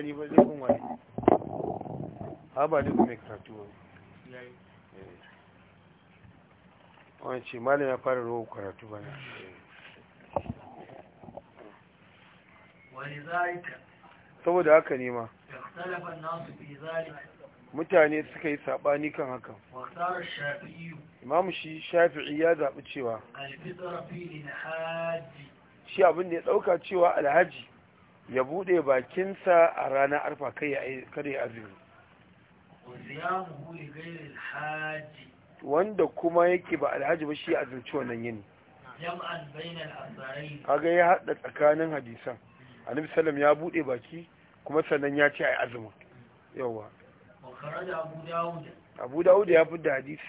gani ba zai kuma yi ha ba duk mai karatu ba eh. wani ce malam ya fara rohu karatu ba na eh. wani saboda haka ne ma mutane suka yi saɓani kan hakan imamu shi shafi'i ya zaɓi cewa shi abin da ya ɗauka cewa alhaji ya bude bakinsa a ranar arfa kada ya azumi wanda kuma yake ba alhaji ba shi azumci wannan yini kaga ya haɗa tsakanin hadisan annabi sallam ya bude baki kuma sannan ya ce a azumi yawa abu dawud abu dawud ya fi da hadisi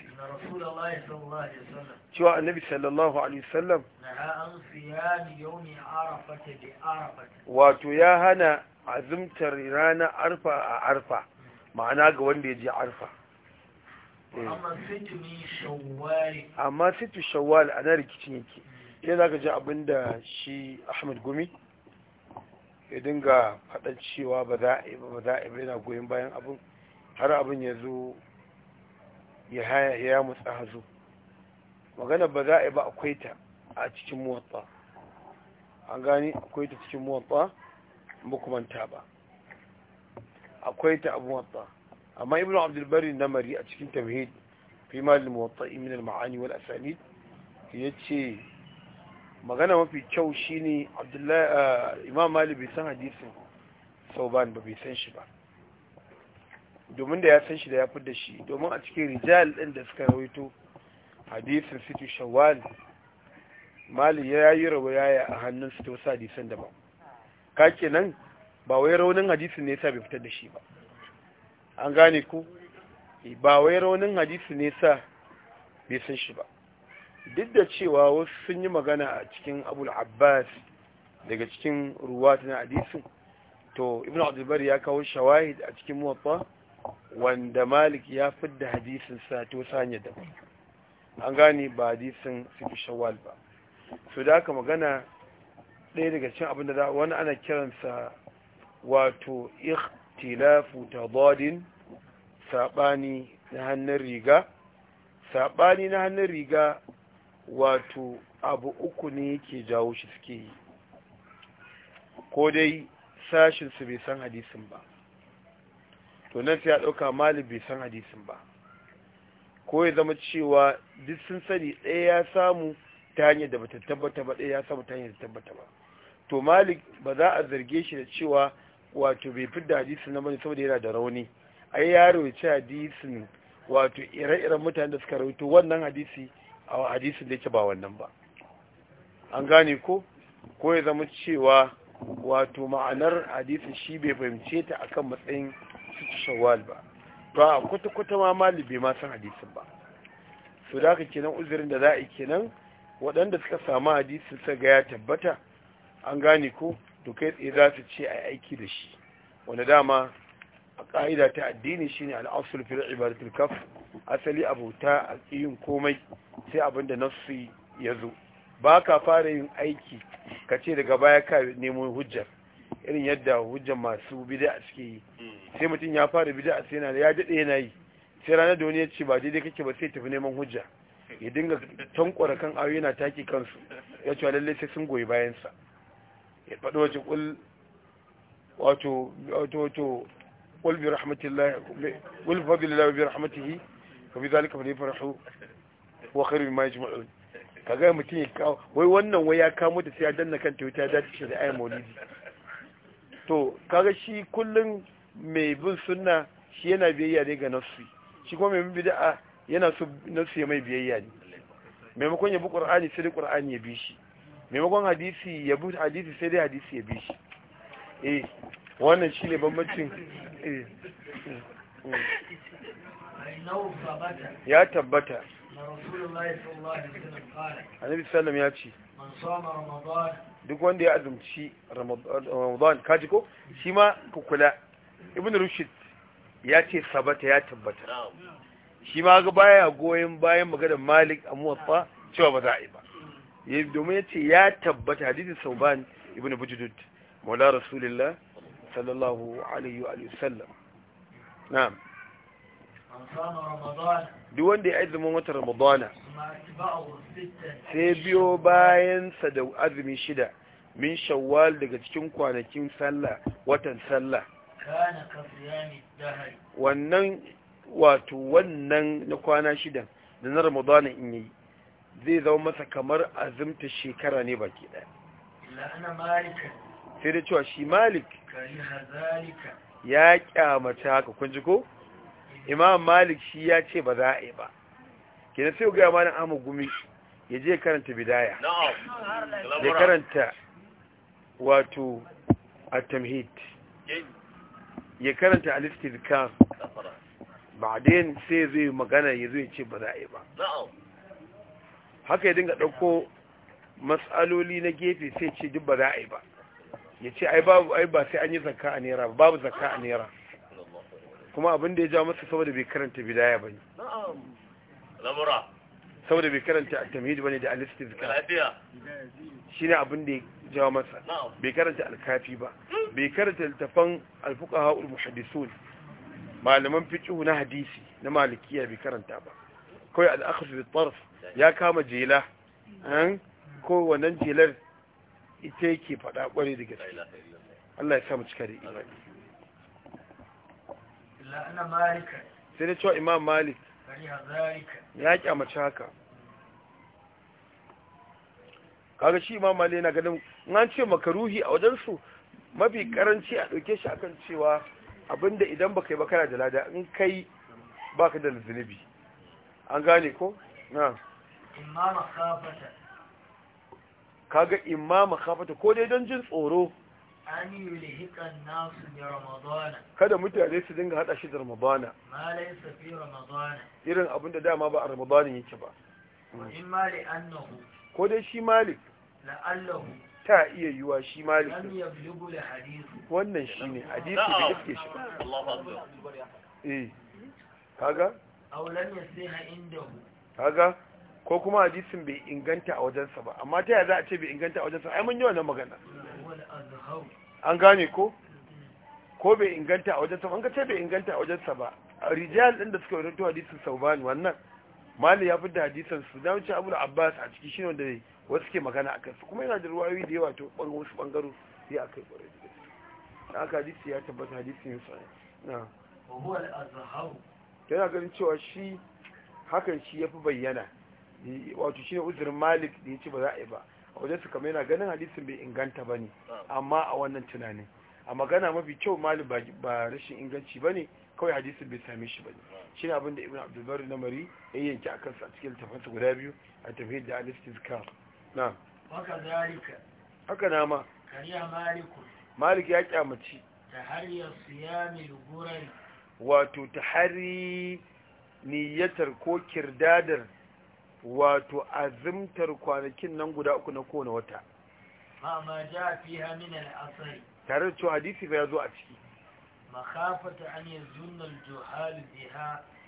cewa annabi sallallahu alaihi wasallam wato ya hana azumtar rana arfa a arfa ma'ana ga wanda ya je arfa eh. amma situ shawwal a rikicin yake idan za ka ji abinda shi ahmad gumi ya dinga faɗan cewa ba za a yi ba za yi goyon bayan abin har abin ya zo ya haya ya mutsa hazo magana ba za a yi ba akwai ta a cikin muwatta an gani akwai ta cikin muwatta ba kuma ta ba akwai ta abu muwatta amma ibn abdulbari mari a cikin tamhid fi malin muwatta min al-ma'ani wal asanid yace magana mafi kyau shine abdullahi eh, imam malik bai san hadisin sauban ba bai san shi ba domin da ya san shi da ya fi shi domin a cikin rijal ɗin da suka rawaito hadisin situ shawal mali ya yi rawaya a hannun su ta wasu hadisan daban ka kenan ba wai raunin hadisin ne sa bai fitar da shi ba an gane ku eh, ba wai raunin hadisi ne sa bai san shi ba duk da cewa wasu sun yi magana a cikin abul abbas daga cikin ruwa na hadisin to ibn abdulbar ya kawo shawahid a cikin muwatta wanda malik ya fidda hadisin sa to sanya daban an gane ba hadisin sifi shawwal ba so da aka magana ɗaya daga cin abin da wani ana kiransa wato ikhtilafu tabadin sabani na hannun riga saɓani na hannun riga wato abu uku ne yake jawo shi suke yi ko dai sashinsu bai san hadisin ba to nan sai ya ɗauka malik bai san hadisin ba ko ya zama cewa duk sun sani ɗaya ya samu ta hanyar da bata tabbata ba ɗaya ya samu ta hanyar da tabbata ba to malik ba za a zarge shi da cewa wato bai fi da hadisin na bane saboda yana da rauni ai ya rawaita hadisin wato ire-iren mutane da suka rawaito wannan hadisi a hadisin da yake ba wannan ba an gane ko ko ya zama cewa wato ma'anar hadisin shi bai fahimce ta akan matsayin sitti shawwal ba ba kwata-kwata ma malibi ma san hadisin ba su da aka kenan uzurin da za a yi kenan waɗanda suka samu hadisin sa ga ya tabbata an gane ko to kai tsaye za su ce a aiki da shi wani dama a ƙa'ida ta addini shine al'asul fil ibadatul kaf asali abuta a yin komai sai abin da nasu ya zo ba ka fara yin aiki ka ce daga baya ka nemo hujjar irin yadda hujjan masu bid'a suke yi hmm. sai mutum ya fara bid'a sai yana ya dade yana yi sai ranar da wani ya ce ba daidai kake ba sai tafi neman hujja ya dinga tankwara kan ayoyi yana taki kansu ya ce lalle sai sun goyi bayan sa ya faɗi wace kul wato wato wato kul bi rahmatillahi kul fadlillahi bi rahmatihi fa bi zalika falyafrahu wa khairu mimma yajma'un kaga mutum ya kawo wai wannan wai ya kamo da sai ya danna kan ta wuta da ta ce da ayi to kaga shi kullum mai bin sunna shi yana biyayya ne ga nafsi shi kuma mai bid'a yana so nafsi ya mai biyayya ne maimakon ya bi qur'ani sai dai qur'ani ya bi shi maimakon hadisi ya bi hadisi sai dai hadisi ya bi shi eh wannan shine bambancin eh, eh. ya tabbata annabi sallam ya ce duk wanda ya azumci ramadan kaji ko shi ma kukula ibn rushid ya ce sabata ya tabbata shi ma ga baya goyon bayan maganar malik a muwaffa cewa ba za a yi ba domin ya ce ya tabbata hadisin sauban ibn bujudud maula rasulillah sallallahu alaihi wa sallam na'am duk wanda ya azumin watan ramadana sai biyo bayansa da azumi shida min shawwal daga cikin kwanakin sallah watan sallah wannan wato wannan na kwana shidan da na ramadana in yi zai zama masa kamar azumta shekara ne baki ɗaya sai da cewa shi malik ya kyamata haka kun ji ko imam malik shi ya ce ba za a yi ba kina sai ga malam amu gumi ya je karanta bidaya ya karanta wato at-tamhid eh. ya karanta al-istidkar ba'din sai zai magana ya zai ce ba za a yi ba haka ya dinga ɗauko matsaloli na gefe sai ce duk ba za a yi ba ya ce ai babu ai ba sai an yi zakka a naira babu zakka a naira kuma abin da ya ja masa saboda bai karanta bidaya bane ne saboda bai karanta at-tamhid bane da al shi ne abin da ya ja masa bai karanta alkafi ba bai karanta littafan alfuka ha'ul al-muhaddisun malaman fiqh na hadisi na malikiya bai karanta ba kawai al-akhd bi ya kama jela ko wannan jelar ita yake fada ƙwarai da gaske Allah ya samu cika da imani sai da cewa imam malik ya kyamace haka kaga shi imam malik yana ganin an ce makaruhi a wajensu mafi karanci a ɗauke shi akan cewa abinda idan baka yi ba kana da lada in kai baka da zunubi an gane ko na imam khafata kaga imama khafata ko dai don jin tsoro an yulhiqan nasu bi ramadana kada mutane su dinga hada shi da ramadana ma laysa fi ramadana irin abinda dama ba a ramadana yake ba wa in mali annahu ko dai shi malik la'allahu ta iya yiwa shi malik wannan shi ne hadisi da yake shi eh kaga aw lam yasiha indahu kaga ko kuma hadisin bai inganta a wajensa ba amma ta yaya za a ce bai inganta a wajensa ai mun yi wannan magana an gane ko ko bai inganta a wajensa ba an ka ce bai inganta a wajensa ba rijal din da suka rawaito hadisin sauban wannan mali ya fidda hadisin su da wuce abul abbas a ciki ne wanda wasu ke magana akan su kuma yana da ruwayoyi da yawa to bangon wasu bangaro sai akai kware da gaske haka hadisi ya tabbata hadisi ne sai na huwa al-azhar yana ganin cewa shi hakan shi yafi bayyana wato shine uzurin malik da ya ce ba za a yi ba a wajen su kama yana ganin hadisin bai inganta ba ne amma a wannan tunanin a magana mafi kyau malik ba rashin inganci ba ne kawai hadisin bai same shi ba ne shi ne abinda ibn abdulbari na mari ya yanki a kansa a cikin tafansa guda biyu a tafiyar da alistis ka na haka na ma malik ya kyamaci wato ta hari niyyatar ko kirdadar wato azimtar kwanakin nan guda uku na kowane wata tare da cewa hadisi ba ya zo a ciki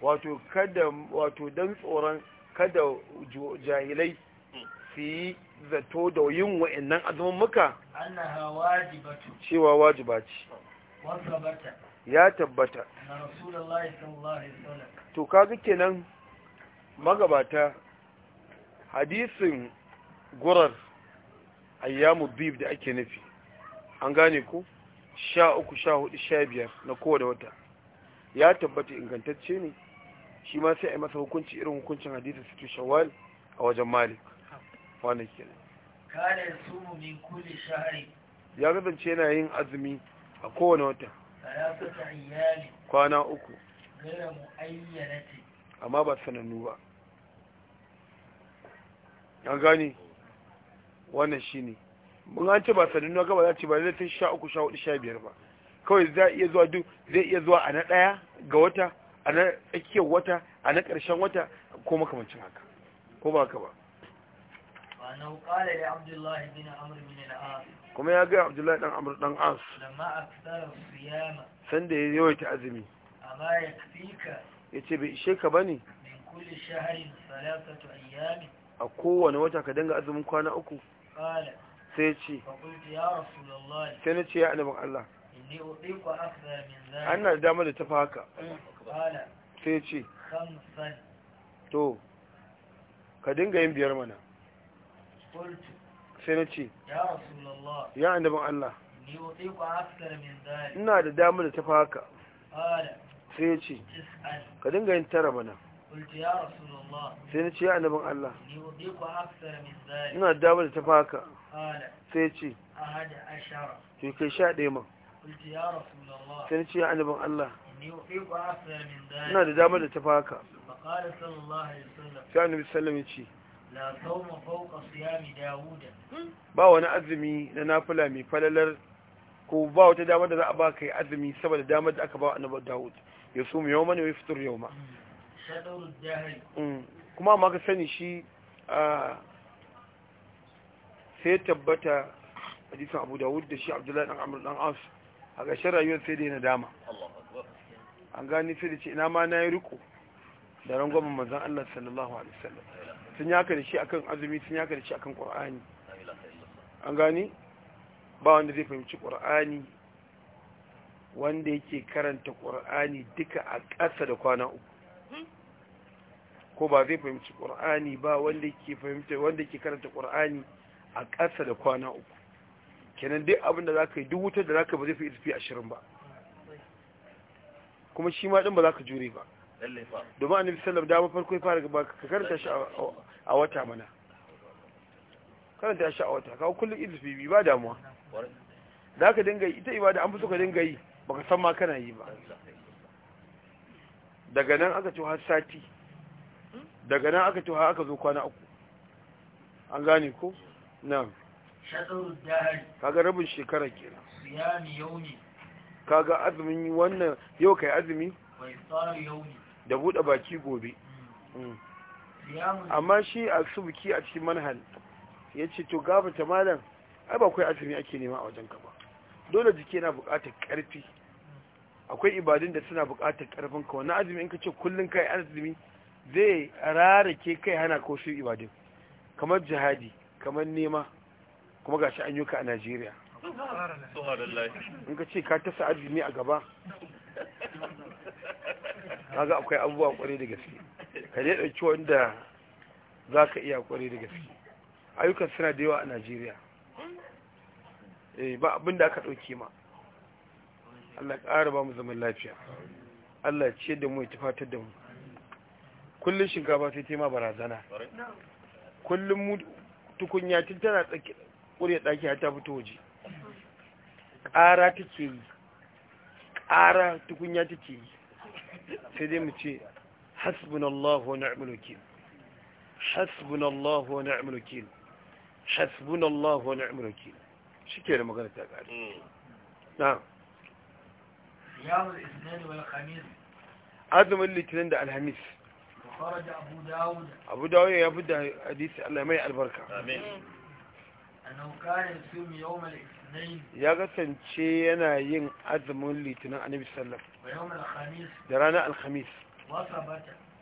wato kada wato don tsoron kada jahilai su yi zato da yin wa'annan azumin muka cewa wajiba ce ya tabbata na to kaga kenan magabata hadisin gurar ayyamu bib da ake nufi an gane ku sha uku sha hudu sha biyar na kowane wata ya tabbata ingantacce ne shi ma sai a yi masa hukunci irin hukuncin hadisin situ shawal a wajen malik wani kenan kare su min kulli shahri ya kasance yana yin azumi a kowane wata kwana uku amma ba sanannu ba an gani wannan shi ne. mun an ce ba sanannu ka ba za ce ba zai ta sha uku sha hudu sha biyar ba kawai zai iya zuwa duk zai iya zuwa a na ɗaya ga wata a na tsakiyar wata a na ƙarshen wata ko makamancin haka ko ba haka ba kuma ya ga abdullahi dan amur dan as sanda ya yawaita azumi ya ce bai ishe ka ba ne a kowane wata ka dinga azumin kwana uku sai ce sai na ce ya annabin Allah an na da dama da tafi haka sai ce to ka dinga yin biyar mana sai na ce ya annabin Allah ina da dama da tafi haka sai ce ka dinga yin tara mana sai na ce ya annabin Allah ina damar ta faka sai ce to kai sha ɗaya ma sai na ce ya annabin Allah ina da damar da ta faka sai annabi sallami ce ba wani azumi na nafula mai falalar ko ba wata damar da za a ba ka yi azumi saboda damar da aka ba wa annabi dawud ya su mu yau mana wai fitur yau ma mm. Mm. kuma ma ka sani shi sai tabbata jisun abu da da shi abdullahi dan amur dan ansu a gashin rayuwar sai da yana dama an gani sai da ce ina ma na yi riko da rangwamin mazan Allah sallallahu alaihi wasallam sun yaka da shi akan azumi sun yaka da shi akan qur'ani an gani ba wanda zai fahimci qur'ani wanda yake karanta qur'ani duka a ƙasa da kwana uku ko ba zai fahimci ƙur'ani ba wanda ke fahimta wanda ke karanta ƙur'ani a ƙasa da kwana uku kenan duk abin da za ka yi duk wutar da za ka ba zai fi isfi ashirin ba kuma shi ma ɗin ba za ka jure ba domin annabi sallam dama farko ya fara gaba ka karanta shi a wata mana karanta shi a wata kawo kullum isfi bi ba damuwa za ka dinga yi ita ibada an fi so ka dinga yi baka san ma kana yi ba daga nan aka ce har sati daga nan aka tuha aka zo kwana uku an gane ko na kaga rabin shekara kenan kaga azumin wannan yau kai azumi da buɗe baki gobe hmm. Hmm. amma shi a subuki a cikin manhal ya ce to gafata malam ai ba kai azumi ake nema a wajen ka ba dole jiki yana buƙatar ƙarfi hmm. akwai ibadun da suna buƙatar ƙarfinka ka wannan azumi in ka ce kullum kai azumi zai rarake kai hana ko shi ibadin kamar jihadi kamar nema kuma gashi an yuka a Najeriya in ka ce ka ta sa'adu ne a gaba ga akwai abubuwa kwarai da gaske ka ne ɗauki wanda za ka iya kwarai da gaske ayyukan suna da yawa a Najeriya eh ba abin da aka ɗauki ma Allah ƙara ba mu zaman lafiya Allah ce da mu ya tafatar da mu kullum shinkafa sai tema barazana kullum mu tukunya tun tana tsaki ƙurya ɗaki har ta fito waje ƙara take yi ƙara tukunya take yi sai dai mu ce hasbunallahu wa ni'mal wakil hasbunallahu wa ni'mal wakil hasbunallahu wa ni'mal wakil shike da magana ta ƙare mm. na'am yawon isnani wal khamis azumin litinin da alhamis abu dawo ya fidda hadisi allah mai albarka ya kasance yana azumin litinin annabi sallam da ranar alhamis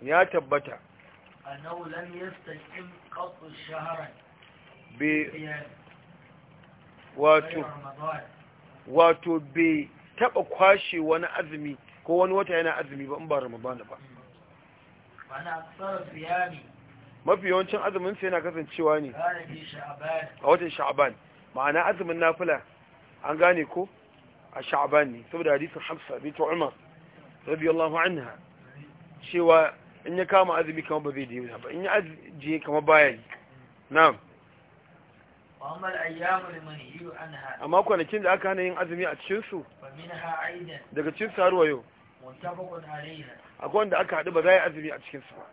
ya tabbata wato wato bai taɓa kwashe wani azumi ko wani wata yana azumi ba in ba ramadana ba mafi yawancin azumin sai yana kasancewa ne a watan sha'aban ma'ana azumin nafila an gane ko a sha'aban ne saboda hadisin hafsa bitu rabbi radiyallahu anha cewa in ya kama azumi kama ba zai da yuna ba in ya ajiye kama baya yi na'am amma kwanakin da aka hana yin azumi a cikinsu daga cikin saruwa yau akwai wanda aka haɗu ba za a yi azumi a cikin su ba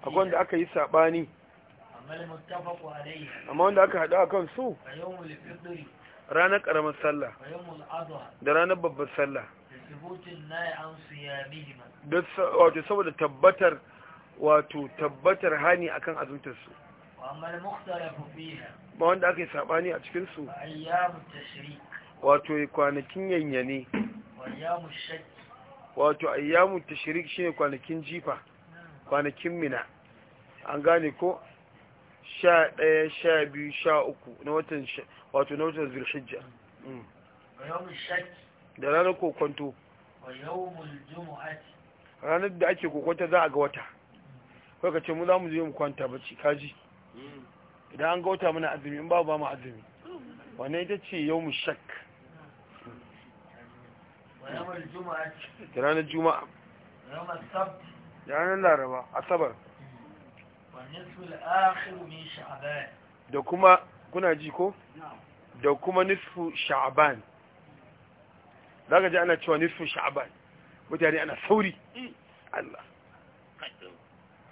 akwai wanda aka yi saɓani amma wanda aka haɗu a kan su ranar ƙaramar sallah da ranar babbar sallah wato saboda tabbatar wato tabbatar hani akan azumtarsu ba wanda aka yi saɓani a cikinsu wato kwanakin yanyane wato ayyamu tashrik shine kwanakin jifa kwanakin mina an gane ko sha ɗaya sha biyu sha uku na watan wato na watan zulhijja mm. da ranar kokonto ranar da ake kokonta za a ga wata kai ka ce mu za mu je mu kwanta bacci kaji mm. idan an ga wata mana azumi in ba ba mu azumi wannan ita ce yau mu shak ranar juma'a ranar laraba asabar da kuma kuna ji ko da kuma nisfu sha'aban za ka ji ana cewa nisfu sha'aban mutane ana sauri mm. Allah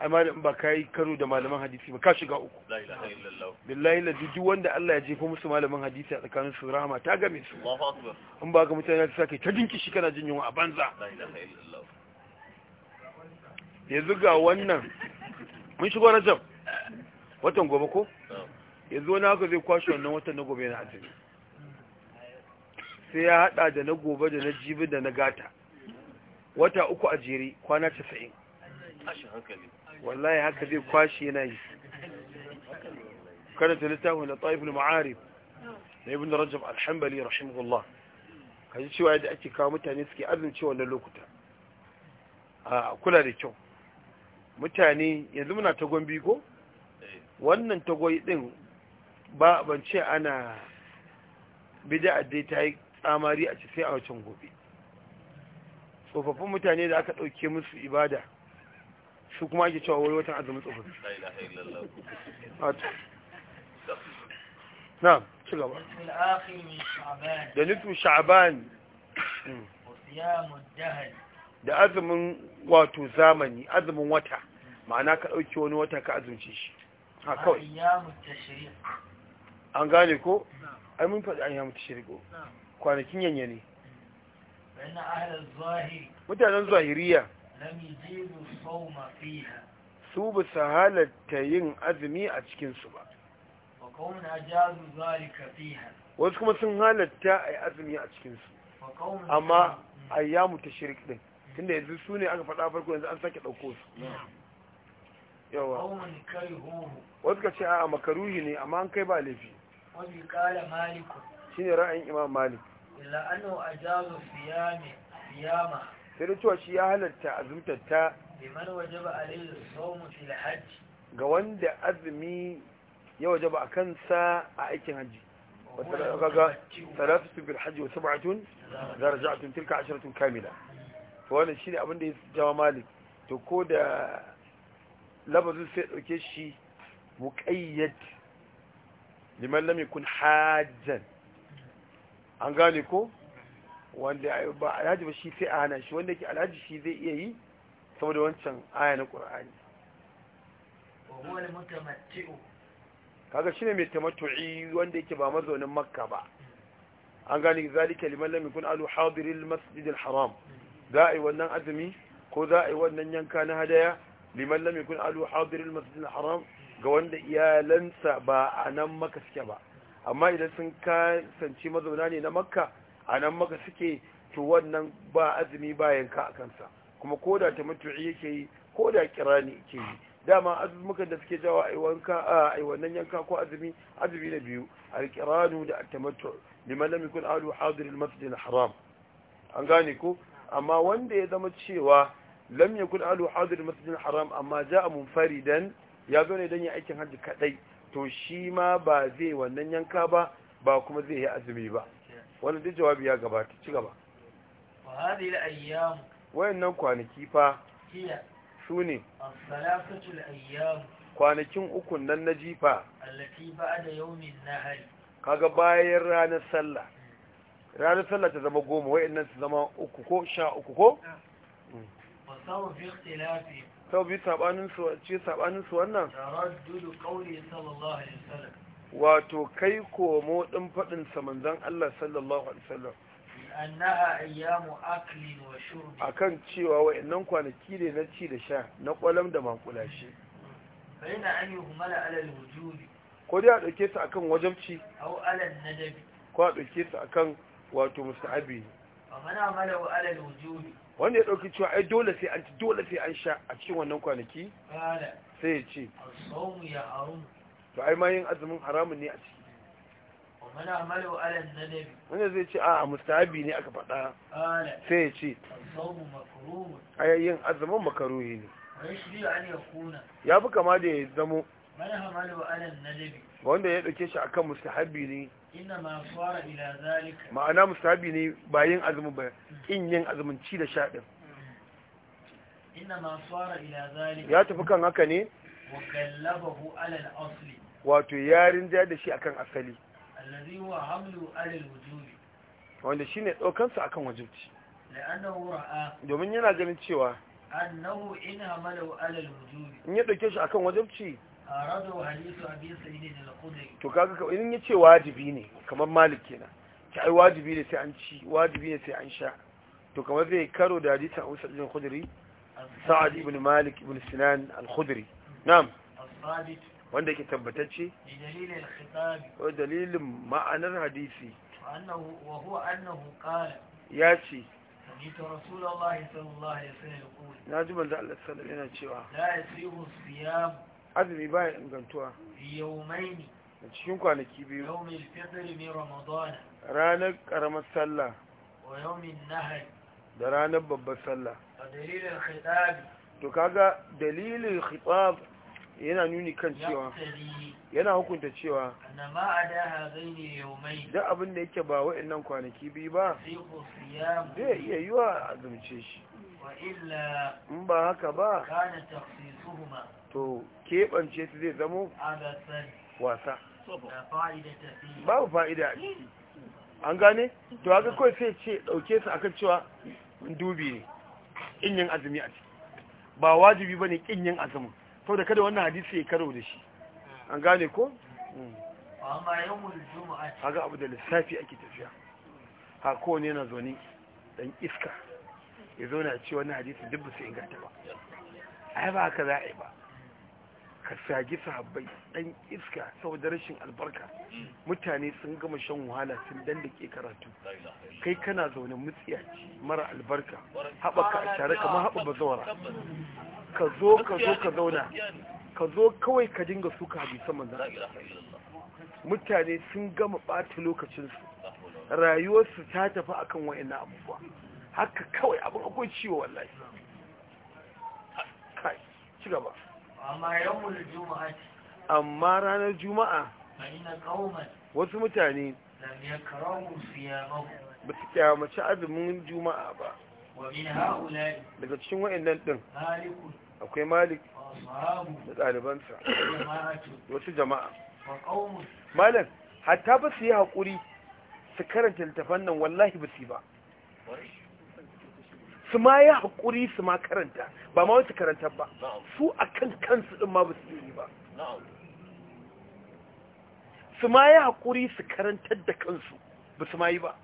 da in ba kai karo da malaman hadisi ba ka shiga uku la billahi la duk wanda Allah ya jefa musu malaman hadisi a tsakanin su rahama ta game su Allahu akbar in ba ga mutane da sake ta jinki shi kana jin yunwa a banza yanzu ga wannan mun shigo jam watan gobe ko oh. yanzu wani haka zai kwashe wannan watan na gobe na azumi sai ya hada da na gobe da na jibi da na gata wata uku a jere kwana 90 tashin hankali wallahi haka zai kwashi yana yi karanta littafin da ta'ifin ma'arif na ibn rajab alhambali rahimahullah kaji cewa yadda ake kawo mutane suke arzince wannan lokuta a kula da kyau mutane yanzu muna tagon bigo wannan tagoyi din ba ban ce ana bida'a dai ta yi tsamari a cikin a wancan gobe tsofaffin mutane da aka ɗauke musu ibada shi kuma ake cewa wani watan azumin tsofaffi na ci gaba da nufin sha'aban da azumin wato zamani azumin wata ma'ana ka ɗauki wani wata ka azumci shi ha kawai an gane ko ai mun faɗi an yi mutu shirgo kwanakin yanyane mutanen zahiriya su ba su halatta yin azumi a cikinsu ba wasu kuma sun halatta a yi azumi a cikinsu amma a yi ya mutu shirik ɗin tunda yanzu su ne aka faɗa farko yanzu an sake ɗauko su yawa wasu ka ce a makaruhi ne amma an kai ba laifi shi ne ra'ayin imam malik illa annu ajazu siyama sai da cewa shi ya halarta azumtar ta ga wanda azumi ya waje ba a kansa a aikin haji kaga salatu bil wata ba'atun za a raja'atun tilka asharatun kamila to wannan shi abin da ya jawa malik to ko da labarin sai dauke shi muƙayyad liman lamikun hajjan an gane ko wanda ba alhaji ba shi sai a hana shi wanda ke alhaji shi zai iya yi saboda wancan aya na ƙur'ani kaga shi ne mai tamattu'i wanda yake ba mazaunin makka ba an gani zali kalimar lamin kun alu hadiril masjidin haram za a yi wannan azumi ko za a yi wannan yanka na hadaya liman lamin kun alu hadiril masjidin haram ga wanda iyalansa ba a nan makka suke ba amma idan sun kasance mazauna ne na makka a nan maka suke to wannan ba azumi ba yanka a kansa kuma ko da mutu'i yake yi ko da kirani yake yi dama azumukan da suke jawo a wannan yanka ko azumi azumi na biyu alkiranu da tamattu liman lam yakun ahlu hadir almasjid alharam an gane ko amma wanda ya zama cewa lam yakun ahlu hadir almasjid alharam amma ja'a munfaridan ya zo ne dan ya aikin hajji kadai to shi ma ba zai wannan yanka ba ba kuma zai yi azumi ba wani duk jawabi ya gabata ci gaba wayannan kwanaki fa su ne kwanakin ukun nan na jifa kaga bayan ranar sallah ranar sallah ta zama goma wayannan su zama uku ko sha uku ko sau biyu su wannan dudu sallallahu alaihi wasallam wato kai komo ɗin faɗinsa manzan Allah sallallahu Alaihi wasallam annaha ayyamu aklin wa shurbi akan cewa wayannan kwanaki ne na ci da sha na kwalam da makulashi bayna an yuhmala ala alwujub ko dai a dauke su akan wajibci aw ala nadabi ko a dauke su akan wato musta'abi amana mala wa ala alwujub wanda ya dauki cewa ai dole sai an dole sai an sha a cikin wannan kwanaki sai ya ce ya to ai ma yin azumin haramun ne a ciki wanda zai ce a mustahabi ne aka faɗa sai ya ce a yin azumin makaruhi ne ya fi kama da ya zamo wanda ya ɗauke shi akan mustahabi ne ma'ana mustahabi ne ba yin azumin ba in yin azumin ci da shaɗin ya tafi kan haka ne wa gallabahu alal asli wato yarin ja da shi akan asali wanda shine daukan sa akan wajibi domin yana ganin cewa in ya ɗauke shi akan wajibi aradu hadithu abi to kaga in ya ce wajibi ne kamar malik kenan ta ai wajibi ne sai an ci wajibi ne sai an sha to kamar zai karo da hadithu abu sa'id al-khudri sa'ad ibn malik ibn sinan al-khudri na'am الثابت wanda ke tabbatacce ko dalilin ma'anar hadisi ya ce Na ji الله Allah sallallahu عليه وسلم يقول ناجم الله azumi baya ingantuwa yaumaini a cikin kwanaki biyu yaumin min ranar karamar sallah wa yaumin nahr da ranar babbar sallah dalilin khitab to kaga dalilin khitab yana nuni kan cewa yana hukunta cewa da abin da yake ba wa'annan kwanaki biyu ba zai iya yiwa a azumce shi in ba haka ba to keɓance su zai zamo wasa babu fa'ida a ciki an gane to haka kawai sai ce ɗauke su akan cewa dubi ne ƙin yin azumi a ciki ba wajibi ba ne ƙin yin azumin saboda da kada wannan hadisi ya karo da shi an gane ko? a ga abu da lissafi ake tafiya ha kowane yana zaune dan iska ya zo a ce wannan hadisi duk ba su inganta ba ai ba haka za a yi ba ka sagi sahabbai dan iska saboda rashin albarka mutane sun gama shan wahala sun dandake karatu kai kana zaune mutsiyaci mara albarka haɓaka a tare kamar haɓaka bazawara ka zo ka zo ka zauna ka zo kawai ka dinga suka saman manzan mutane sun gama ɓata lokacinsu rayuwarsu ta tafi akan wa'ina abubuwa haka kawai abin akwai ciwo wallahi kai ci gaba amma ranar juma'a wasu mutane ba su kyamaci azumin juma'a ba daga cikin wa'annan ɗin akwai malik da ɗalibansa wasu jama'a Malik, hatta ba su yi haƙuri su karanta littafan nan wallahi ba su yi ba su ma yi haƙuri su ma karanta ba ma wasu karanta ba su a kan kansu ɗin ma ba su yi ba su ma yi haƙuri su karantar da kansu ba su ma yi ba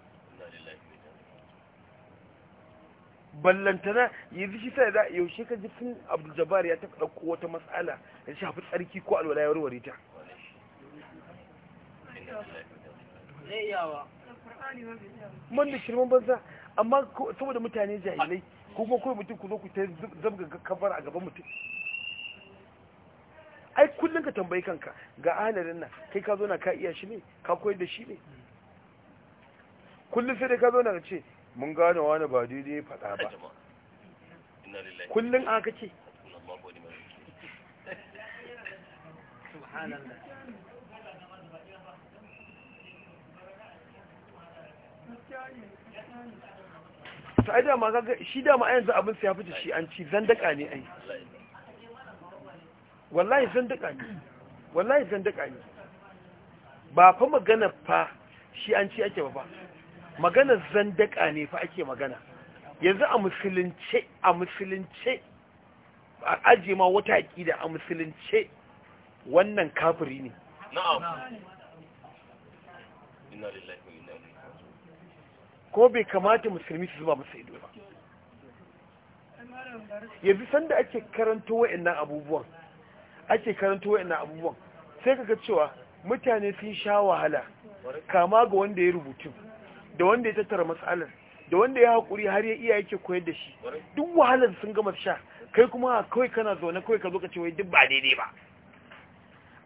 ballantana yanzu shi sai da yaushe ka ji sun ya taɓa ɗauko wata matsala da shafi tsarki ko alwala ya warware ta man da shirman banza amma saboda mutane jahilai kuma kawai mutum ku zo ku ta zabga kafara a gaban mutum ai kullum ka tambayi kanka ga ahalarin nan kai ka zo na ka iya shi ne ka koyar da shi ne kullum sai dai ka zo na ce mun gane wani ba daidai ya faɗa ba kullum aka ce ta ai dama ga shi dama a yanzu abin ya fita shi an ci zandaka ne ai wallahi zandaka ne wallahi zandaka ne ba fa magana fa shi an ci ake ba fa magana zandaka ne fa ake magana yanzu a musulunce a musulunce a aje ma wata aqida a musulunce wannan kafiri ne na'am inna lillahi ko bai kamata musulmi su zuba masa ido ba yanzu sanda ake karanto wa'annan abubuwan ake karanto wa'annan abubuwan sai kaga cewa mutane sun sha wahala kama ga wanda ya rubutu da wanda ya tattara matsalar da wanda ya haƙuri har ya iya yake koyar da shi duk wahalar sun gama sha kai kuma kawai kana zaune kawai ka zo ka ce wai duk ba daidai ba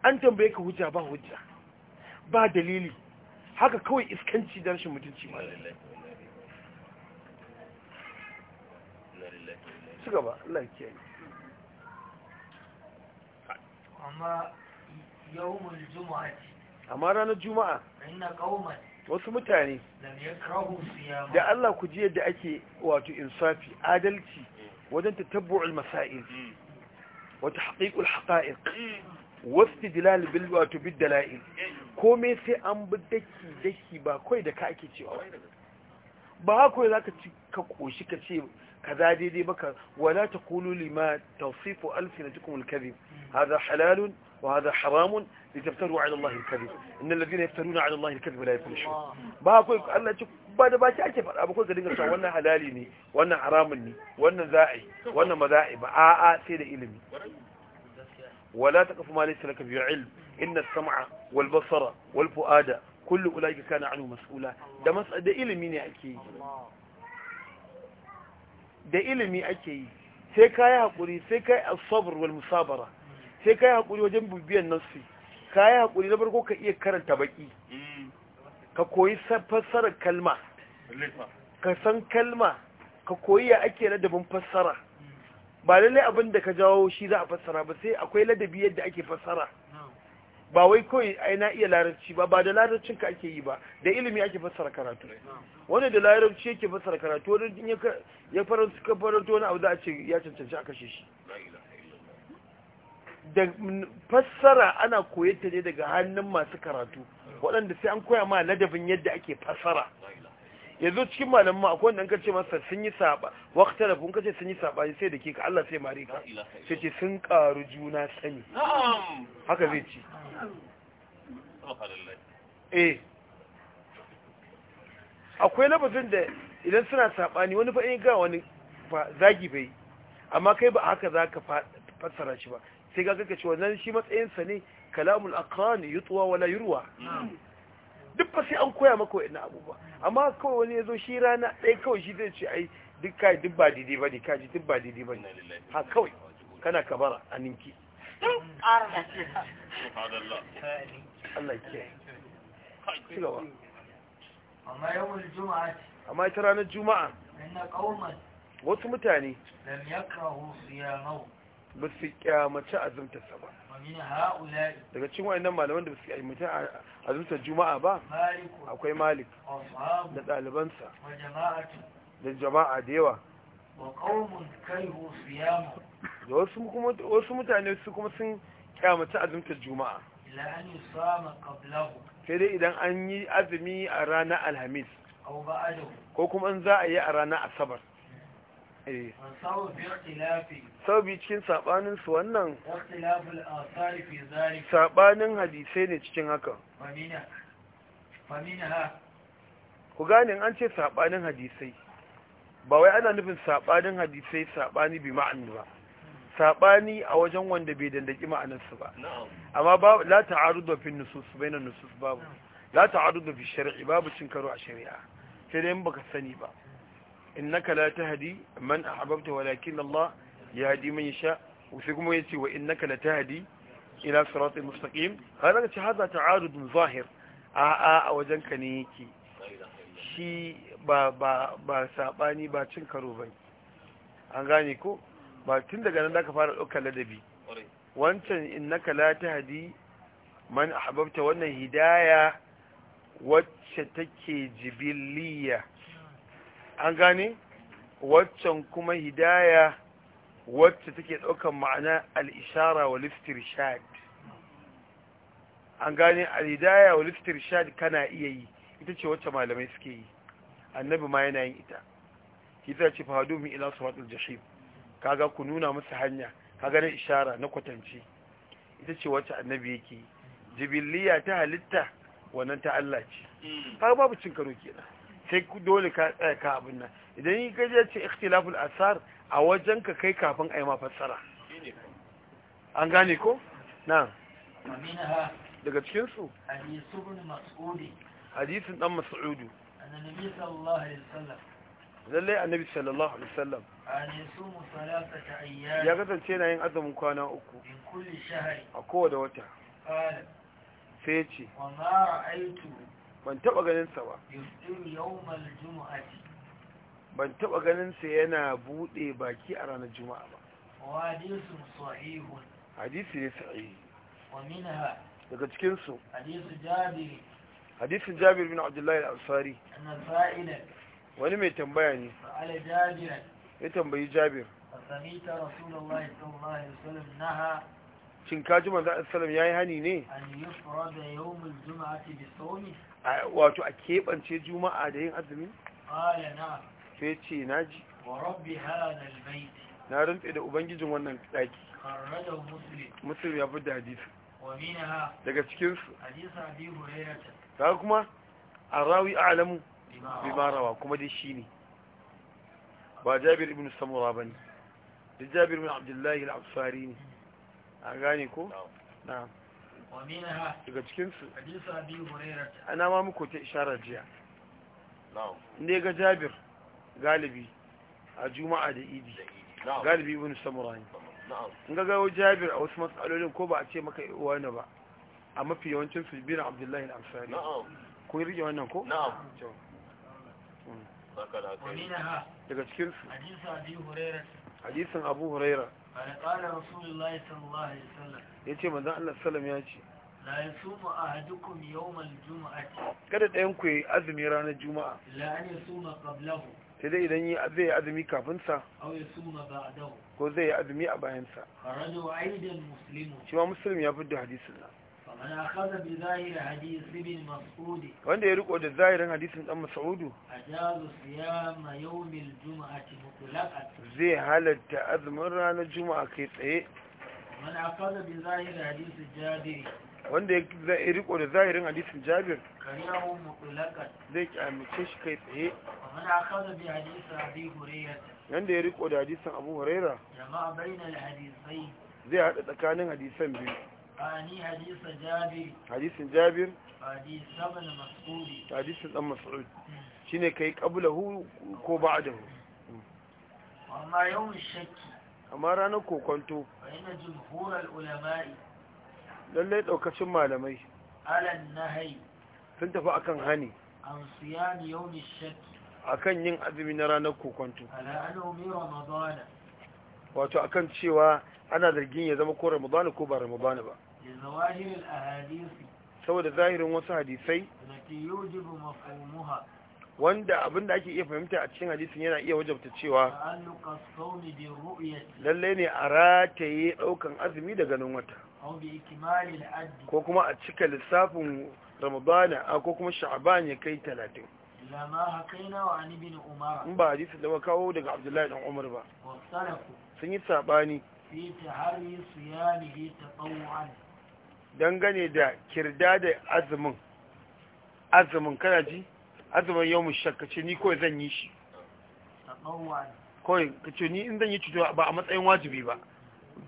an tambaye ka hujja ba hujja ba dalili haka kawai iskanci da rashin mutunci lallai gaba Allah amma yawmul juma'a amma ranar juma'a wasu mutane da Allah ku ji yadda ake wato insafi adalci wajen tatabbu'ul masail wa tahqiqul haqa'iq wastidlal bil wato bid dalail komai sai an bi daki daki ba kai da ka ake cewa ba kai zaka ci ka koshi ka ce kaza daidai baka wala taqulu lima tawsifu alsinatukum alkadhib hadha halalun وهذا حرام لتفتروا على الله الكذب ان الذين يفترون على الله الكذب لا يفلحون ba ku Allah ci ba da baki ake faɗa ba ko ga dinga cewa wannan halali ne wannan haramun ne wannan za'i wannan maza'i ba a'a sai da ilimi wala taqfu ma laysa laka bi ilm inna as-sam'a wal basara wal fu'ada kullu kana anhu mas'ula da mas'ada ilimi ne ake yi da ilimi ake yi sai ka yi haƙuri sai ka yi asabar wal musabara sai ka yi haƙuri wajen bibiyan nassi ka yi haƙuri na farko ka iya karanta baƙi ka koyi fassara kalma ka san kalma ka koyi ya ake ladabin fassara ba lallai abin da ka jawo shi za a fassara ba sai akwai ladabi yadda ake fassara ba wai kawai aina iya larabci ba ba da larabcin ka ake yi ba da ilimi ake fassara karatu wanda da larabci yake fassara karatu wanda in ya faranta ka wani abu za a ce ya cancanci a kashe shi da fassara ana koyar ne daga hannun masu karatu waɗanda sai an koya ma ladabin yadda ake fassara yanzu cikin malamin ma akwai wanda kace masa sun yi saba waqtar da kun kace sun yi saba sai da ke ka Allah sai mare ka sai ce sun karu juna sani haka zai ci eh akwai lafazin da idan suna ni wani fa in ga wani zagi bai amma kai ba haka zaka fassara shi ba sai ga kaka ce wannan shi matsayin sa ne kalamul aqran yutwa wala yurwa duk ba sai an koya maka wa'annan abubuwa amma kawai wani ya zo shi rana ɗaya kawai shi zai ce ai duk kai duk ba daidai ba ne kaji duk ba daidai ba ne ha kawai kana kabara a ninki Allah ke cigawa amma ita ranar juma'a wasu mutane ba su kyamaci azumtarsa ba daga cikin wayannan malaman da ba su kyamaci azumtar juma'a ba akwai malik da ɗalibansa da jama'a da yawa da wasu mutane su kuma sun kyamaci azumtar juma'a sai dai idan an yi azumi a ranar alhamis ko kuma an za a yi a ranar asabar Eh. sau cikin saɓanin su wannan saɓanin hadisai ne cikin haka ku gane an ce saɓanin hadisai ba wai ana nufin saɓanin hadisai saɓani bi ma'ani ba saɓani a wajen wanda bai dandaki ma'anarsu ba amma ba la ta'arudu fi nusus bainan nusus babu la ta'arudu fi shar'i babu cin karo a shari'a sai dai in baka sani ba innaka la tahdi man ahbabta walakin Allah yahdi man yasha sai kuma yace wa innaka la tahdi ila siratal mustaqim hada ce hada ta'arud zahir a a a wajenka ne yake shi ba ba ba sabani ba cin karo bane an gane ko ba tun daga nan zaka fara daukar ladabi wancan innaka la tahdi man ahbabta wannan hidaya wacce take jibiliya an gane waccan kuma hidaya wacce take daukan ma'ana al'ishara wa liftirshad an gane al-hidaya wa liftirshad kana iya yi ita ce wacce malamai suke yi annabi ma yana yin ita ita ce fahadu min ila suwatul jahim kaga ku nuna masa hanya kaga na ishara na kwatance ita ce wacce annabi yake yi jibiliya ta halitta wannan ta Allah ce kaga babu cin karo kenan sai dole ka tsaya ka abin nan idan yi gajiya ce ikhtilaful asar a wajen ka kai kafin a yi mafassara an gane ko na daga cikin su hadisun dan mas'udu lallai annabi sallallahu alaihi wasallam ya kasance yana yin azumin kwana uku a kowa da wata sai ce ban taba ganin ba ban taba ganinsa yana bude baki a ranar juma'a ba hadisi ne sahihi daga cikin su jabir bin abdullahi al wani mai tambaya ne ya tambayi jabir shin kaji manzo ya yi hani ne an wato a keɓance juma'a da yin azumi? ƙala na sai ce na ji wa rabbi hana albaiti na rantse da ubangijin wannan ɗaki ƙarradar musulun musulun ya fi da wa mina daga cikinsu hadisu abi hurairata ta kuma a rawi alamu bi marawa kuma dai shi ne ba jabir ibn samura ba ne da jabir ibn abdullahi al-absari ne a gane ko? na'am daga cikinsu ana ma muku ta isharar jiya ne ga jabir galibi a juma'a da idi galibi ibn samurai in ga gawo jabir a wasu matsalolin ko ba a ce maka wani ba a mafi yawancin su bin abdullahi al-amsari ko yi wannan ko? daga cikinsu hadisun abu huraira ya ce Allah Sallam ya ce la ya suma a hadukun yawon juma'a kada ɗayan ku yi azumi ranar juma'a la an suma qablahu sai dai idan zai yi azumi ba'dahu ko zai yi azumi a bayansa shi ma muslim ya fi da hadisin nan wanda ya riko da zahirin hadisin dan mas'udu zai halatta azumin ranar juma'a kai tsaye wanda ya riko da zahirin hadisin jabir zai kyamace shi kai tsaye wanda ya riko da hadisin abu huraira zai haɗa tsakanin hadisan biyu ani hadisa jabir hadisin jabir hadisan mas'ud hadisin dan mas'ud hmm. shine kai qablahu ko ba'dahu hmm. amma yawan shakki amma ranar kokonto ina jumhurar ulama'i lallai daukacin malamai alan nahai sun tafi akan hani an siyani yawan shakki akan yin azumi na ranar kokonto ala alumi ramadana wato akan cewa ana zargin ya zama ko ramadana ko ba ramadana ba saboda zahirin wasu hadisai wanda abinda ake iya fahimta a cikin hadisin yana iya wajabta cewa lallai ne a rataye daukan azumi da ganin wata ko kuma a cika lissafin ramadana a ko kuma sha'aban ya kai talatin in ba hadisin da ba kawo daga abdullahi dan umar ba sun yi saɓani dangane da kirda da azumin azumin kana ji azumin yau mushakace ni kawai zan yi shi kawai kace ni in zan yi cuto ba a matsayin wajibi ba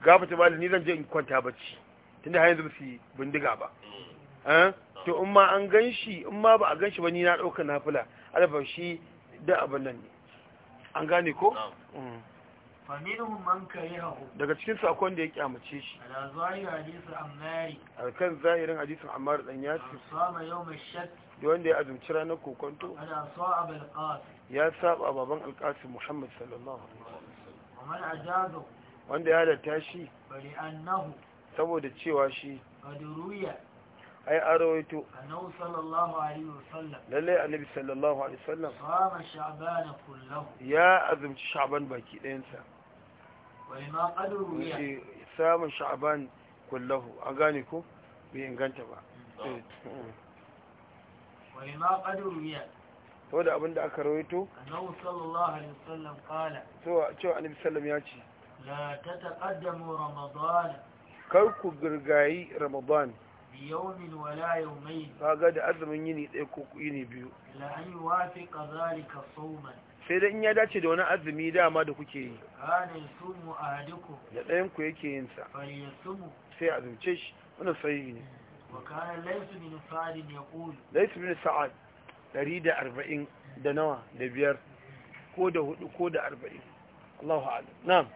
gafata ba da ni zan je in kwanta bacci tunda har yanzu su yi bindiga ba eh? to in ma an gan shi in ma ba a gan shi ba ni na ɗaukar nafila alfa shi da abin nan ne an gane ko? daga cikin sakon da ya kyamace shi a kan zahirin hadisun ammar dan ce da wanda ya azumci ranar kokonto ya saba baban alkasim muhammad sallallahu alaihi wanda ya halatta shi saboda cewa shi ai a rawaito lallai annabi sallallahu alaihi wasallam ya azumci sha'ban baki ɗayansa samun sha'aban kullahu a gane ko bai inganta ba wani ma ƙadar wuya to da abinda aka rawaito annabi sallallahu alaihi wasallam kala to cewa annabi sallam ya ce la tataqaddamu ramadan kar ku girgayi ramadan bi yawmin wala yawmayn kaga da azumin yini ɗaya ko yini biyu la an yuwafiqa zalika sawman sai dai in ya dace da wani azumi dama da kuke yi da ɗayan ku yake yin sa sai a zuce shi Wani sahihi ne laisu bin sa'ad ɗari da arba'in da nawa da biyar ko da hudu ko da arba'in Allahu ala na'am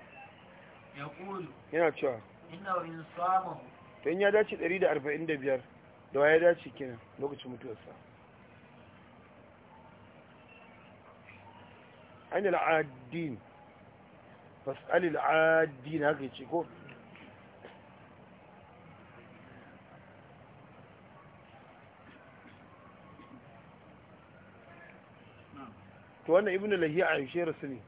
yana cewa ta in ya dace ɗari da arba'in da biyar da wa ya dace kenan lokacin mutuwarsa an al'addin fas'al al'addin ce ko to wannan ibn lahiya a yushera su ne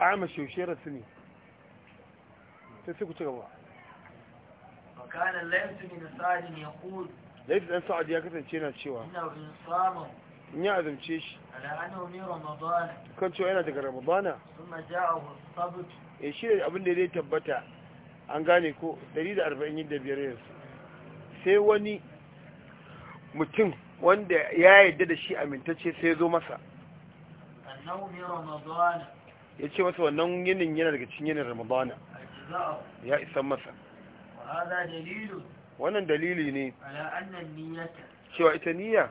ama yushera su ne sai sai ku ci gaba فكان الليث بن سعد يقول ليث بن سعد ya kasance na cewa Ni ya azumce shi kan cewa yana daga ramadana ya eh, shi da abin da zai tabbata an gane ko 145 yanzu sai wani mutum wanda ya yadda da shi amintacce sai ya zo masa ya ce masa wannan yinin yana daga cikin yinin ramadana ya isan masa wannan dalili ne cewa ita niyya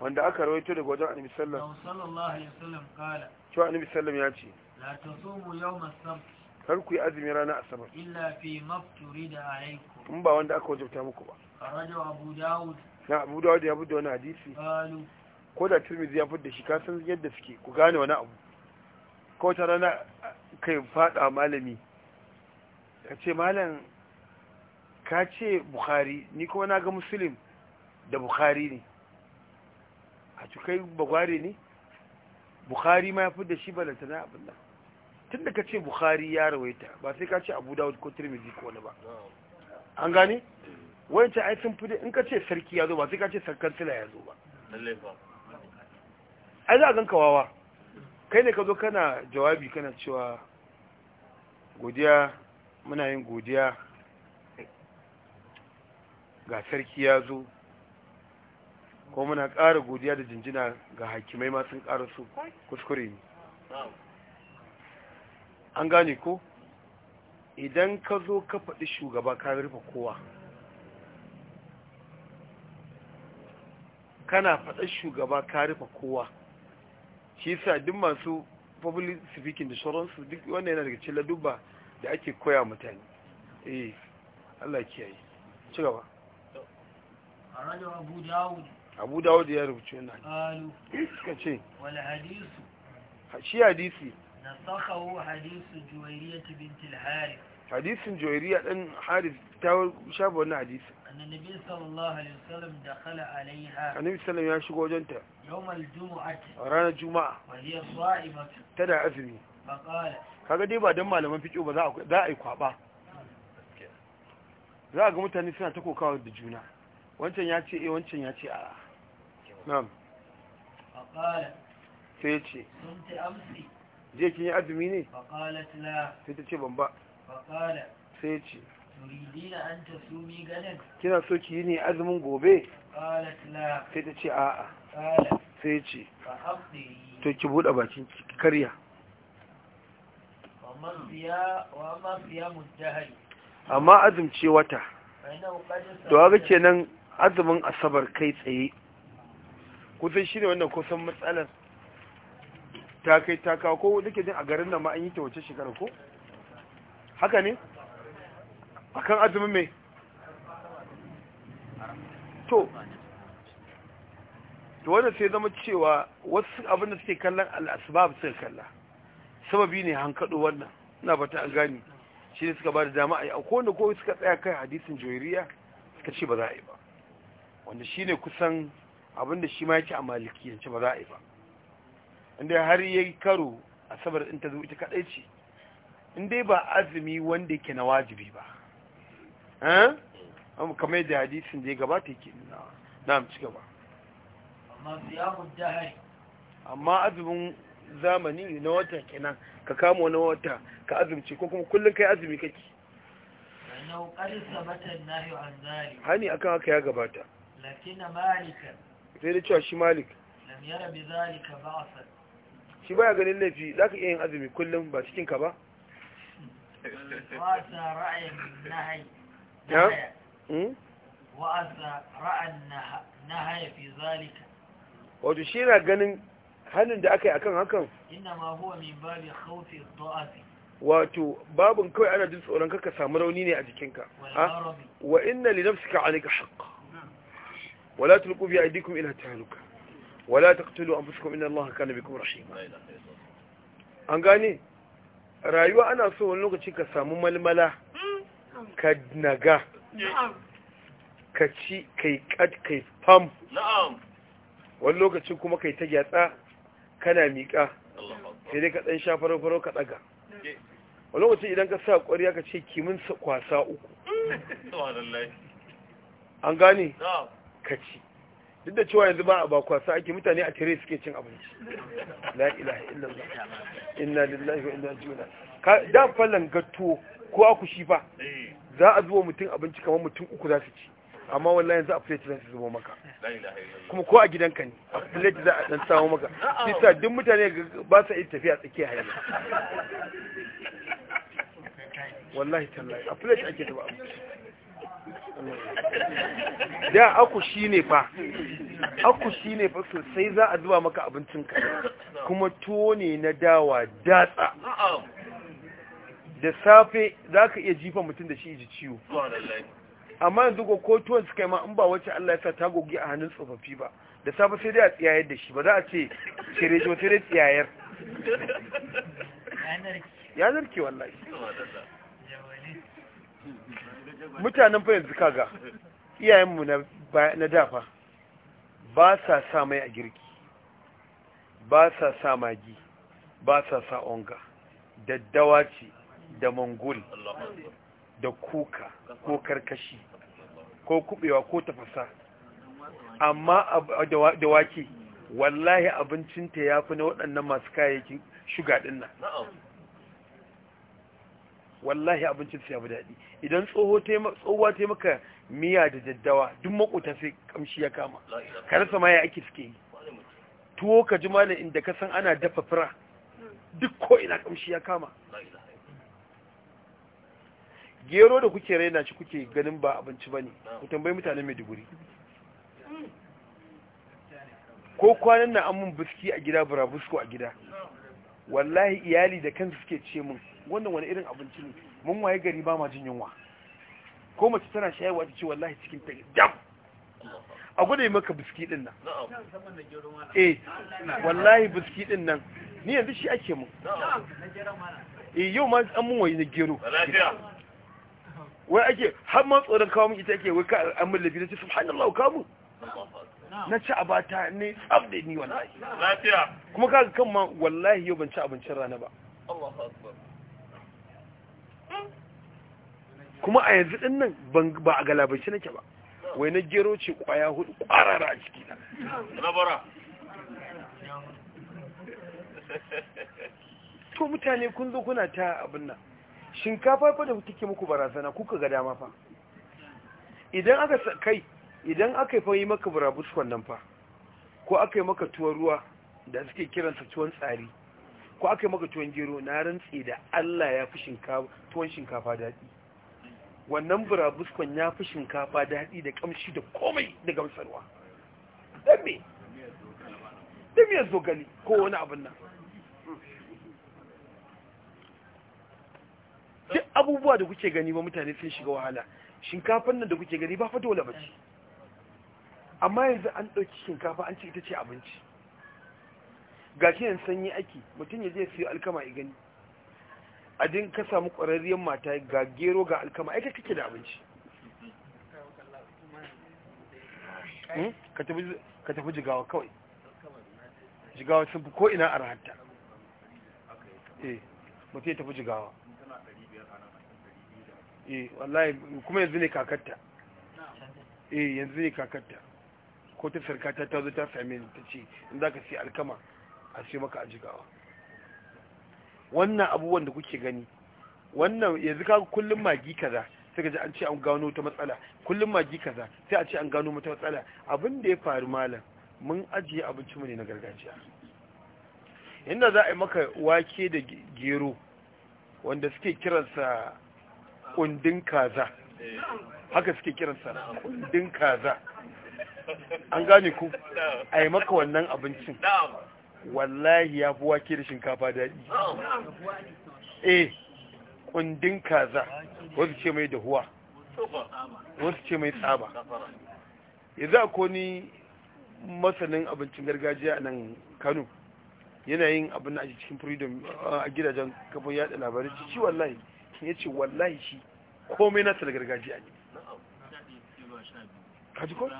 wanda aka rawaito daga wajen annabi sallallahu alaihi wasallam kala cewa annabi sallallahu ya ce la tasumu yawma sabt kar ku yi azumi ranar asabar illa fi mafturida alaykum in ba wanda aka wajabta muku ba rajo abu daud na abu daud ya bude wani hadisi qalu ko da tirmidhi ya fudda shi ka san yadda suke ku gane wani abu ko ta rana kai fada malami Ka ce malam ka ce bukhari ni ko na ga muslim da bukhari ne a cikai bagware ne bukhari ma ya fi da shi balanta na abin nan tun da ka ce bukhari ya rawaita ba sai ka ce abu dawud ko tirmidhi ko wani ba an gane wancan ai sun fi in ka ce sarki ya zo ba sai ka ce sarkar sila ya zo ba ai za a gan kawawa kai ne ka zo kana jawabi kana cewa godiya muna yin godiya ga sarki ya zo ko muna ƙara godiya da jinjina ga hakimai ma sun ƙara su kuskure ne an gane ko idan ka zo ka faɗi shugaba ka rufe kowa kana faɗar shugaba ka rufe kowa shi sa duk masu public speaking da sauransu duk wannan yana daga cikin ladubba da ake koya mutane eh Allah kiyaye ci gaba a rajin abu dawud abu da wadda ya rubuce na suka ce Wani hadisu shi hadisi nasakahu hadisu ta binti al-harith hadisin juwairiya ɗan harith ta shafa wannan hadisi a sallallahu alaihi ya shigo wajenta yawmal jumu'ati ranar juma'a ta da azumi kaga dai ba don malaman fito ba za a yi kwaba za a ga mutane suna ta kokawa da juna wancan ya ce a eh, wancan ya ce a. نعم faqala sai ce sun ta amsi ادميني kin yi azumi ne faqalat تيتي sai ta ce ban ba سوكي sai ce turidina an لا تيتي kina so ki yi ne azumin gobe qalat la sai ta ce a'a qala amma azumce wata to ga kenan azumin asabar kai tsaye kusan shi ne wannan kusan matsalar ta kai ta kawo ko nake jin a garin nan ma an yi ta wace shekara ko haka ne a kan azumin mai to to wanda sai zama cewa wasu abin da suke kallon su suka kalla sababi ne hankado wannan ina bata an gani shi ne suka ba da dama a yi akwai wanda kowai suka tsaya kai hadisin joyiriya suka ce ba za a yi ba wanda shi ne kusan abinda shi ma yake a maliki, yance ba za a yi ba inda har yayi karo asabar din ta zo ita kadai ce inda ba azumi wanda yake na wajibi ba eh kamar da hadisin da ya gabata yake nuna na mu gaba amma siyahu dahari amma azumin zamani na wata kenan ka kama wani wata ka azumce, ko kuma kullum kai azumi kake hani akan haka ya gabata lakin malikan sai da cewa shi malik shi baya ganin laifi za ka iya yin azumi kullum ba cikin ka ba hmm? wato shi na ganin hannun da aka yi akan hakan wato babin kawai ana jin tsoron kaka samu rauni ne a jikinka wa inna li nafsika alika haqq ولا تلقوا bi aydikum ila tahluka wala taqtulu anfusakum inna Allaha kana bikum rahima an gane rayuwa ana so wani lokaci ka samu malmala ka naga ka ci kai kad kai fam wani lokaci kuma kai ta gyatsa kana miƙa sai dai ka ɗan sha faro ka ɗaga wani lokaci idan ka sa ce kwasa uku an ka ci duk da cewa yanzu ba a sa ake mutane a tare suke cin abinci la ilaha illallah inna lillahi wa inna ilaihi raji'un da fallan gatto ko aku shi fa za a zuwa mutum abinci kamar mutum uku za su ci amma wallahi yanzu a plate za su zubo maka kuma ko a gidanka ne a plate za a dan samu maka bisa duk mutane ba sa iya tafiya a hanya wallahi tallahi a plate ake zuba abinci da aku shine fa aku shine fa sosai za a zuba maka abincin ka. kuma tuwo ne na dawa datsa da safe za ka iya jifa mutum da shi ji ciwo amma yanzu ko ko tuwon suka yi ma in ba wacce Allah ya sa ta gogi a hannun tsofaffi ba da safe sai dai a tsiyayar da shi ba za a ce kere jo sai dai tsiyayar ya zarki wallahi mutanen fa yanzu kaga iyayenmu na na dafa ba sa sa mai a girki ba sa sa magi ba sa sa onga da dawaci, da mongol da kuka ko karkashi ko kubewa ko tafasa amma da wake wallahi abincinta ya fi na waɗannan masu kayayyakin shuga ɗin nan wallahi abincin sai abu daɗi idan tsohuwa ta maka miya da daddawa duk makota sai kamshi ya kama ka rasa ma ya ake suke yi tuwo ka ji malam inda ka san ana dafa fura duk ko ina kamshi ya kama gero da kuke raina shi kuke ganin ba abinci bane ku tambayi mai Maiduguri ko kwanan na an biski a gida burabusko a gida wallahi iyali da kansu suke ce mun wannan wani irin abinci ne mun waye gari ba ma jin yunwa ko mace tana shayarwa ta ce wallahi cikin ta jam a gwada maka biski din nan eh wallahi biski din nan ni yanzu shi ake mu eh yau ma an mun waye na gero wai ake har ma tsoron kawo mun ita ake wai ka an mun lafiya na ce subhanallah kawo mun na ci abata ne tsab da ni wallahi lafiya kuma kaga kan ma wallahi yau ban ci abincin rana ba kuma a yanzu din nan ba a galabance nake ba wai na gero ce kwaya hudu kwarara a ciki na to mutane kun zo kuna ta abin nan shinkafa fa da take muku barazana kuka ga dama fa idan aka kai idan aka fa yi maka burabuskon nan fa ko aka yi maka tuwon ruwa da suke kiransa tuwon tsari ko aka yi maka tuwon gero na rantsi da Allah ya fi shinkafa tuwon shinkafa daɗi wannan burabuskon ya fi shinkafa daɗi da ƙamshi da komai da gamsarwa don me don me gani ko wani abin nan duk abubuwa da kuke gani ba mutane sun shiga wahala shinkafan nan da kuke gani ba fa dole ba ce amma yanzu an ɗauki shinkafa an ce ita ce abinci ga shi yanzu sanyi aiki mutum ya zai siyo alkama ya gani a din ka samu ƙwararriyar mata ga gero ga alkama aika kake da abinci hmm? ka tafi jigawa kawai jigawa sun fi ko ina a rahanta eh, mutu ya tafi jigawa e wallahi kuma yanzu ne kakatta e eh, yanzu ne kakatta ko ta sarkata ta zo ta same ta ce in za ka siya alkama a sai maka a jigawa wannan abubuwan da kuke gani wannan yanzu kaga kullum magi kaza sai kaje an ce an gano ta matsala kullum magi kaza sai a ce an gano mata matsala abin da ya faru malam mun ajiye abinci mu ne na gargajiya inda za a yi maka wake da gero wanda suke kiransa kundin kaza haka suke kiransa kundin kaza an gane ku a yi maka wannan abincin wallahi ya fi wake da shinkafa daɗi eh kundin kaza wasu ce mai dahuwa wasu ce mai tsaba ya za ko ni masanin abincin gargajiya a nan kano yanayin abin a cikin freedom a gidajen kafin yada labarai ci ci wallahi ya ce wallahi shi komai nasa da gargajiya ne kajiko?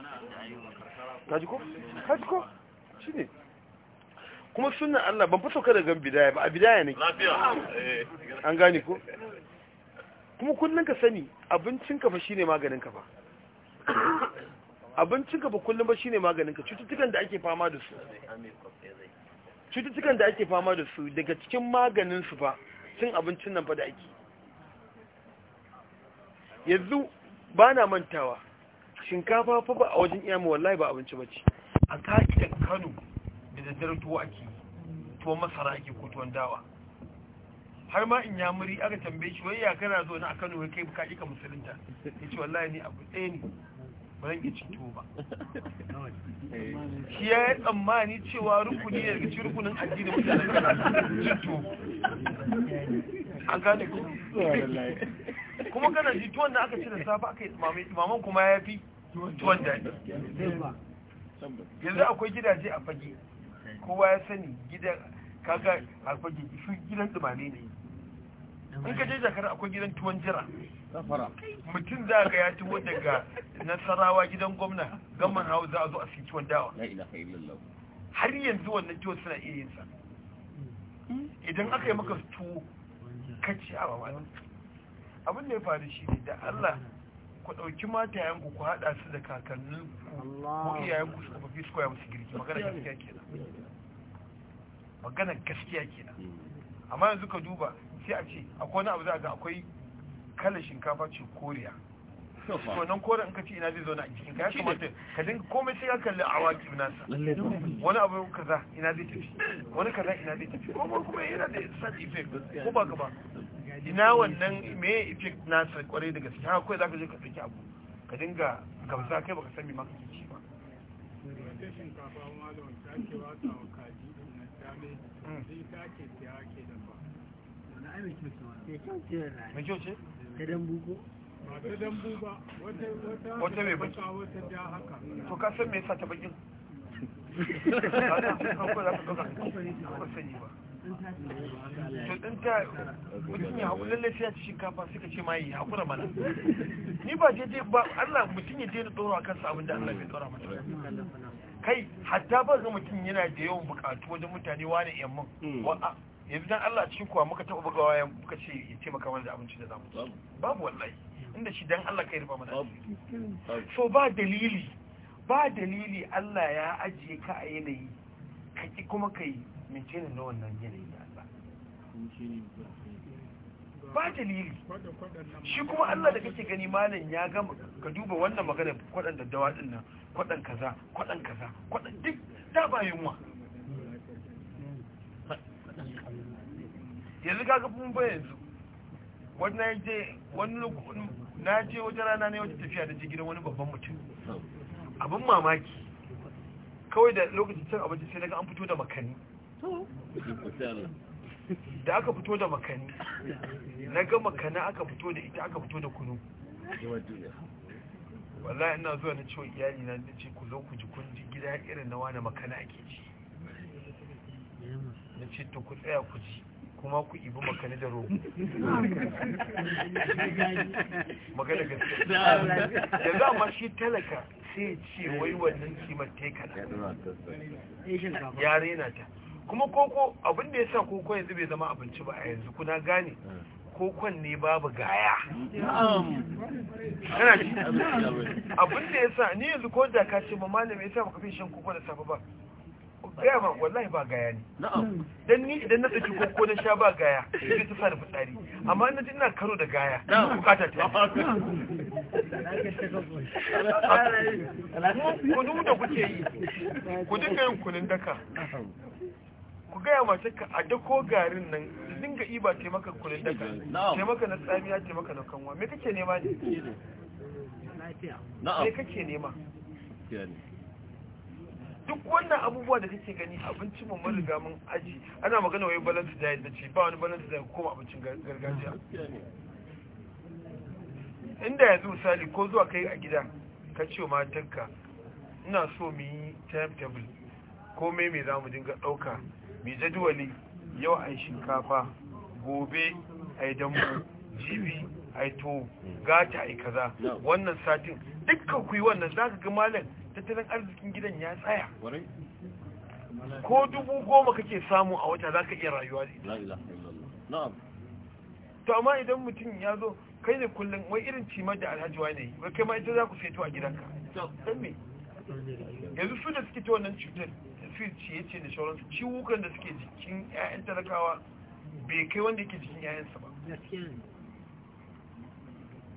kajiko? kajiko? shi ne kuma sunan Allah ban fito kada gan bidaya ba a bidaya ne eh. an gane ko kuma kullun ka sani ka fa shine maganinka fa ka ba kullun ba shine ka cututtukan da ake fama da su cututtukan da ake fama da su daga cikin maganin su fa cin abincin nan fa da ake yanzu ba na mantawa shinkafa fa ba a wajen iyamu wallahi ba abinci bace a ka'idan Kano daddare tuwo ake tuwon masara ake ko tuwon dawa har ma in yamuri aka tambaye shi wai ya kana zo na Kano kai ka ka musulunta ya ce wallahi ni abu ɗaya ne ba zan ci tuwo ba shi ya yi tsammani cewa rukuni ne daga cikin rukunin addini mutanen ji tuwo an gane ku kuma kana ji tuwon da aka ci da safa aka yi imaman kuma ya fi tuwon da yanzu akwai gidaje a fage kowa ya sani gidan kaga akwai shi gidan dumane ne in ka je zakar akwai gidan tuwon jira mutum za ga ya tuwo daga nasarawa gidan gwamna gaman hau za a zo a fi tuwon dawa har yanzu wannan tuwon suna iya yin sa idan aka yi maka tuwo kacci a ba abin da ya faru shi ne da allah ku ɗauki matayen ku ku haɗa su da kakannin ku ko iyayen ku su tafafi su koya musu girki magana gaskiya kenan maganar gaskiya kenan amma yanzu ka duba sai a ce akwai wani abu za a ga akwai kalar shinkafa ce koriya wannan koren ka ce ina zai zauna a cikin ka ya kamata ka din komai sai ya kalli a waki nasa wani abu kaza ina zai tafi wani kaza ina zai tafi kuma kuma yana da sad effect ko ba ka ba ina wannan me effect nasa kwarai da gaske haka kawai ka je ka tsaki abu ka dinga gamsa kai baka san me maka kake ci ba mai kyau ce? ta dambu ko? ba ta dambu ba wata haka to ka san me yasa ta bakin to ta mutum ya haƙu lallai sai ya ci shinkafa suka ce mana ni ba ba Allah mutum ya je na kansa da Allah bai ɗora mata kai hatta ba ga mutum yana da yawan bukatu wajen mutane wani yamman yanzu dan Allah cikin kuwa muka taɓa buga wayan muka ce ya taimaka mana da abinci da zamu babu wallahi inda shi dan Allah kai rufa mana so ba dalili ba dalili Allah ya ajiye ka a yanayi ka ki kuma kai mintini na wannan yanayi da Allah ba dalili shi kuma Allah da kake gani malam ya gama ka duba wannan maganar kwadan daddawa dawa din nan kwaɗan kaza kwaɗan kaza kwaɗan duk da ba yunwa yanzu kaga mun ba yanzu Wannan na je wani na je wata rana ne wata tafiya da gidan wani babban mutum abin mamaki kawai da lokacin cin abinci sai daga an fito da makani da aka fito da makani na ga makana aka fito da ita aka fito da kunu wallahi ina zuwa na ciwon iyali na da ce ku zo ku ji kun ji gida irin na wani makana ake ci na ce to ku tsaya ku ji kuma ku ibi makani da rogo magana gaske da za a shi talaka sai ce wai wannan kimar tekana ya rena ta kuma koko abinda ya sa koko yanzu bai zama abinci ba a yanzu kuna gane ko kwanne babu gaya abin da ya sa ni yanzu ko da ka ce ba malam ya sa baka fi shan koko da safe ba gaya ba wallahi ba gaya ne dan ni idan na saki koko na sha ba gaya sai ta sa da fitsari amma na ina karo da gaya bukata ta kunu da kuke yi ku dinga yin kunun daka ku gaya mace ka a dako garin nan dinga iba taimaka kulin ce taimaka na tsamiya taimaka na kanwa me kake nema ne me kake nema duk wannan abubuwa da kake gani abinci mun riga mun aji ana magana wai balance diet da ce ba wani balance diet koma abincin gargajiya inda yanzu misali ko zuwa kai a gida ka ce matarka, ina so mu yi timetable komai me za mu dinga ɗauka mai jadawali yau a yi shinkafa gobe a yi dambu jibi a yi to gata a yi kaza wannan satin dukkan ku yi wannan za ka ga malam tattalin arzikin gidan ya tsaya ko dubu goma kake samu a wata za ka iya rayuwa da ita to amma idan mutum ya zo kai ne kullum wai irin cimar da alhaji ne wai kai ma ita za ku feto a gidanka don me yanzu su da suke ta wannan cutar fil ya ce da shauransu ciwukan da suke jikin 'ya'yan talakawa bai kai wanda yake jikin 'ya'yansa ba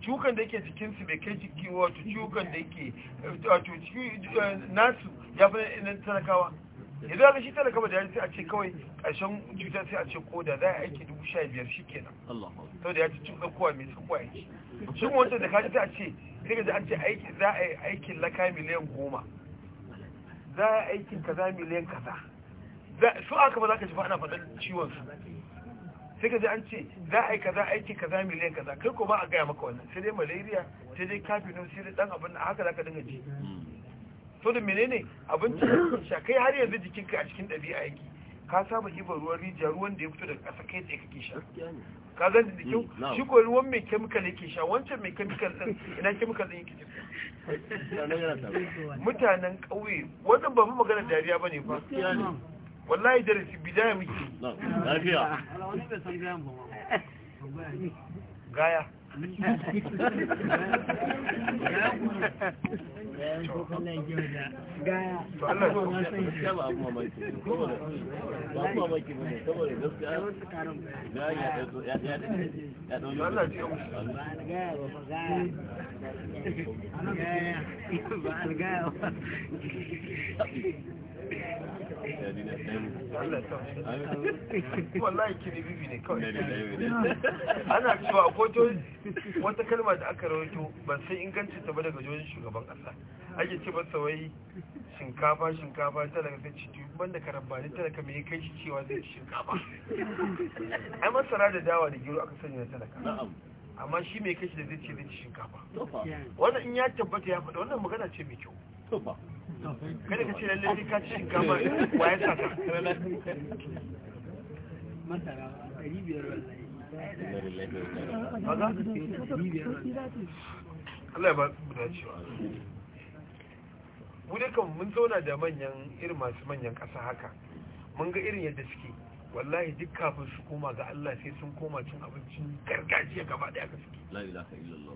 ciwukan da yake jikinsu bai kai jiki wato ciwukan da yake wato eh, nasu ya fi na talakawa yanzu aka shi talakawa da ya sai a ce kawai ƙarshen cuta sai a ce koda za a aiki dubu sha biyar shi kenan sau da ya ci cikin kowa mai tsakuwa aiki shi wanda da kaji ta ce sai ka an ce za a yi aikin laka miliyan goma za a aikin kaza miliyan kaza su aka ba za ka ji ana faɗin ciwon su sai ka ji an ce za a yi kaza aiki kaza miliyan kaza kai ko ba a gaya maka wannan sai dai malaria sai dai kafinu sai dai dan abin haka za ka dinga ji to da menene abinci sha kai har yanzu jikinka a cikin ɗabi'a yake ka saba iba ruwan rijiya ruwan da ya fito daga ƙasa kai tsaye kake sha ka zan da jikin mm, shi ko ruwan mai kemikal yake sha wancan mai kemikal din ina kemikal din yake tafi mutanen ƙauye wannan ba mu magana dariya ba ne ba wallahi da rasu bidaya muke gaya Gaya, wallahi kini bibi ne kawai ana cewa akwai wata kalma da aka rawaito ban sai ingancin ta ba daga jojin shugaban kasa ake ce masa wai shinkafa shinkafa talaka ta ci ban da karambani talaka mai kai shi cewa zai ci shinkafa ai masara da dawa da gero aka sanya talaka amma shi mai kai shi da zai ce zai ci shinkafa wannan in ya tabbata ya faɗa wannan magana ce mai kyau kada ka kan mun zauna da manyan irin masu manyan ƙasa haka mun ga irin yadda suke wallahi duk kafin su koma ga Allah sai sun koma cin abincin gargajiya gaba ɗaya ka suke illallah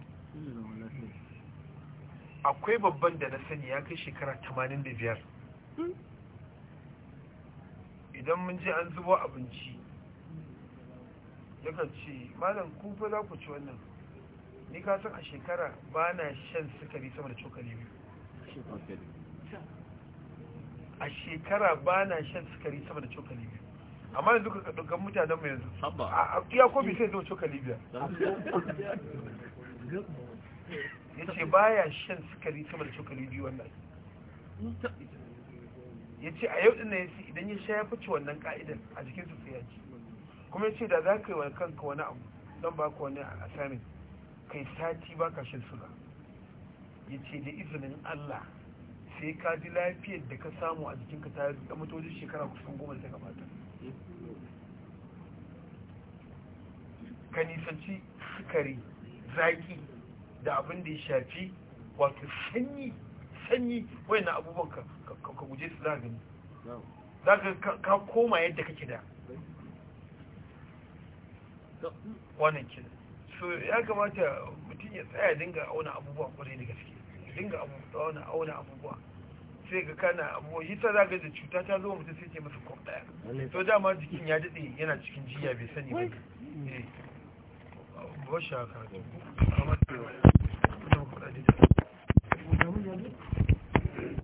akwai babban da na sani ya kai shekara 85 hmm? idan mun je an zubo abinci ya ce malam kufa za ku ci wannan ni ka san a shekara ba na shan sukari sama da cokali biyu a shekara ba na shan sukari sama da cokali biyu amma yanzu ka dukkan mutanen mu yanzu a iya sai zo cokali biyar. yace baya shan sukari sama da cokali biyu wannan ya ce a yau dinna ya ce idan ya sha ya fice wannan ka'idar a jikin su sai ya ci kuma ya ce da za ka yi wani kanka wani abu don ba ka wani asamin kai sati ba ka shan suka yace da izinin allah sai ka ji lafiyar da ka samu a jikinka ta ga wajen shekara kusan goma da ta gabata ka nisanci sukari zaki da abin da ya shafi wato sanyi sanyi na abubuwan ka ka guje su za gani za ka ka koma yadda kake da wannan kin so ya kamata mutum ya tsaya dinga auna abubuwa kwarai da gaske dinga auna abubuwa sai ga kana abubuwa yi ta zagar da cuta ta zo mutum sai ce masa kwamfaya daya to dama jikin ya daɗe yana cikin jiya bai sani ba eh. وبركاته